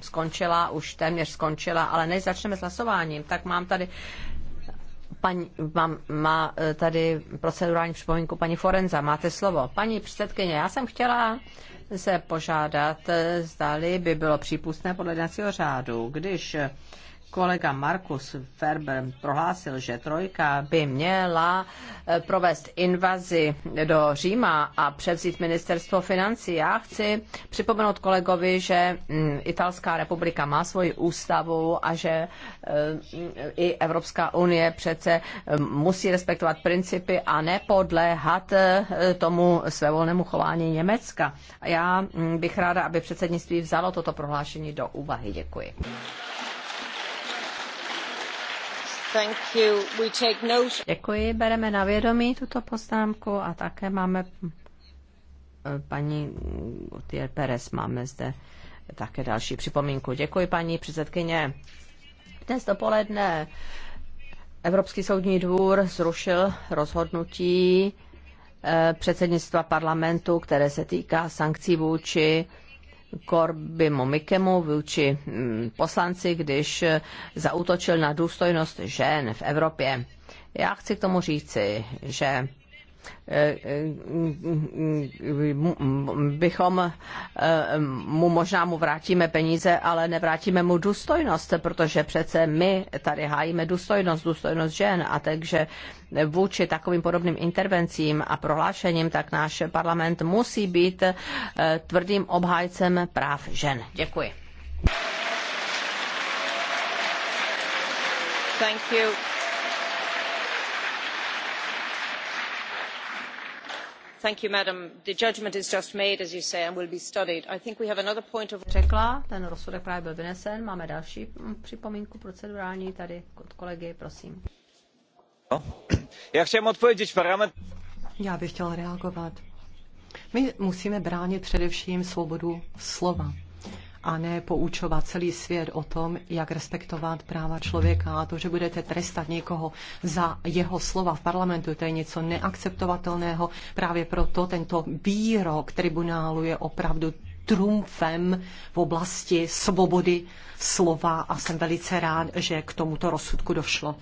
skončila, už téměř skončila, ale než začneme s hlasováním, tak mám tady paní, mám, má eh, tady procedurální připomínku paní Forenza. Máte slovo. Paní předsedkyně, já jsem chtěla se požádat, eh, zdali by bylo přípustné podle jednacího řádu, když eh, kolega Markus Ferber prohlásil, že trojka by měla eh, provést invazi do Říma a převzít ministerstvo financí. Já chci připomenout kolegovi, že mm, Italská republika má svoji ústavu a že eh, i Evropská unie přece eh, musí respektovat principy a nepodléhat tomu svévolnému chování Německa. Já mm, bych ráda, aby předsednictví vzalo toto prohlášení do úvahy. Děkuji. Děkuji, bereme na vědomí tuto poznámku a také máme eh, paní Gutier Perez, máme zde také další připomínku. Děkuji, paní předsedkyně. Dnes dopoledne Evropský soudní dvůr zrušil rozhodnutí eh, předsednictva parlamentu, které se týká sankcí vůči Korbimu Mikemu vůči mm, poslanci, když eh, zautočil na důstojnost žen v Evropě. Já chci k tomu říci, že bychom eh, mu možná mu vrátíme peníze, ale nevrátíme mu důstojnost, protože přece my tady hájíme důstojnost, důstojnost žen a takže vůči takovým podobným intervencím a prohlášením, tak náš parlament musí být eh, tvrdým obhájcem práv žen. Děkuji. Thank you. řekla ten rozsudek právě byl vynesen máme další mm, připomínku procedurální tady od kolegy prosím. No. já odpovědět já bych chtěla reagovat. My musíme bránit především svobodu slova a ne poučovat celý svět o tom, jak respektovat práva člověka a to, že budete trestat někoho za jeho slova v parlamentu, to je něco neakceptovatelného. Právě proto tento výrok tribunálu je opravdu trumfem v oblasti svobody slova a jsem velice rád, že k tomuto rozsudku došlo.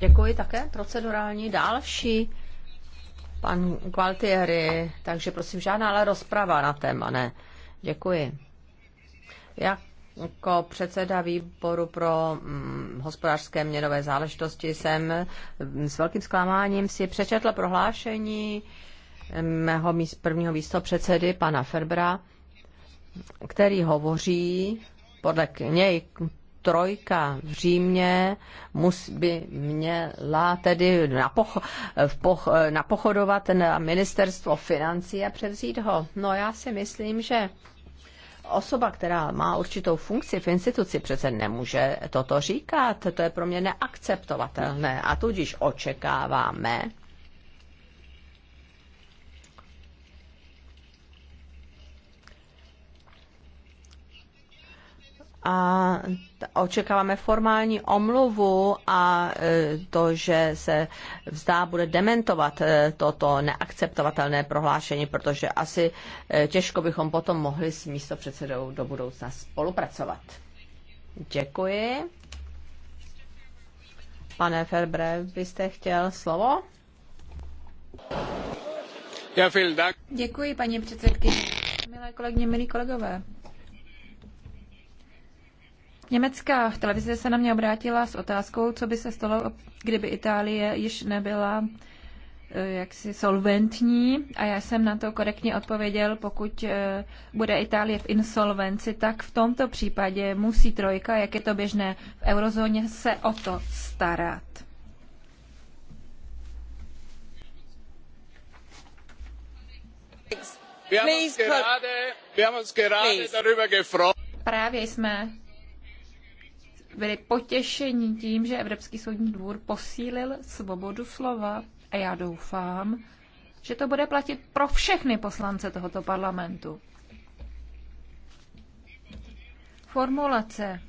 Děkuji také. Procedurální další. Pan Gualtieri, takže prosím, žádná ale rozprava na téma, ne? Děkuji. Já jako předseda výboru pro hm, hospodářské měnové záležitosti jsem mm, s velkým zklamáním si přečetla prohlášení mm, mého míst, prvního místo předsedy, pana Ferbra, který hovoří, podle něj trojka v Římě mus, by měla tedy napoch, v poch, napochodovat na ministerstvo financí a převzít ho. No já si myslím, že osoba, která má určitou funkci v instituci, přece nemůže toto říkat. To je pro mě neakceptovatelné a tudíž očekáváme a očekáváme formální omluvu a e, to, že se vzdá, bude dementovat e, toto neakceptovatelné prohlášení, protože asi e, těžko bychom potom mohli s místo předsedou do budoucna spolupracovat. Děkuji. Pane Ferbre, byste chtěl slovo? Děkuji, paní předsedkyně. Milé kolegyně, milí kolegové. Německá televize se na mě obrátila s otázkou, co by se stalo, kdyby Itálie již nebyla eh, jaksi solventní a já jsem na to korektně odpověděl, pokud eh, bude Itálie v insolvenci, tak v tomto případě musí trojka, jak je to běžné v eurozóně, se o to starat. Právě jsme byli potěšeni tím, že Evropský soudní dvůr posílil svobodu slova a já doufám, že to bude platit pro všechny poslance tohoto parlamentu. Formulace,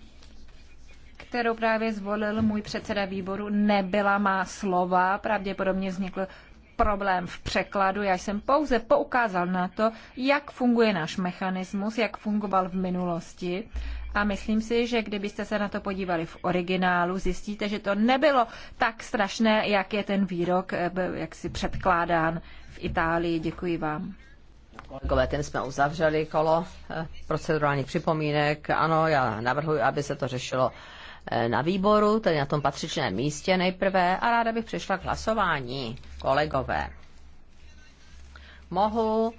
kterou právě zvolil můj předseda výboru, nebyla má slova, pravděpodobně vznikl problém v překladu. Já jsem pouze poukázal na to, jak funguje náš mechanismus, jak fungoval v minulosti a myslím si, že kdybyste se na to podívali v originálu, zjistíte, že to nebylo tak strašné, jak je ten výrok, eh, jak si předkládán v Itálii. Děkuji vám. Kolegové, ten jsme uzavřeli kolo eh, procedurálních připomínek. Ano, já navrhuji, aby se to řešilo eh, na výboru, tedy na tom patřičném místě nejprve a ráda bych přišla k hlasování, kolegové. Mohu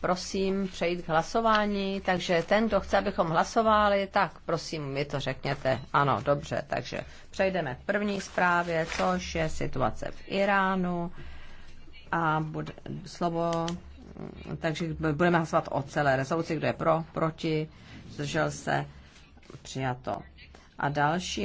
prosím přejít k hlasování. Takže ten, kdo chce, abychom hlasovali, tak prosím, mi to řekněte. Ano, dobře, takže přejdeme k první zprávě, což je situace v Iránu. A bude slovo, takže budeme hlasovat o celé rezoluci, kdo je pro, proti, zdržel se, přijato. A další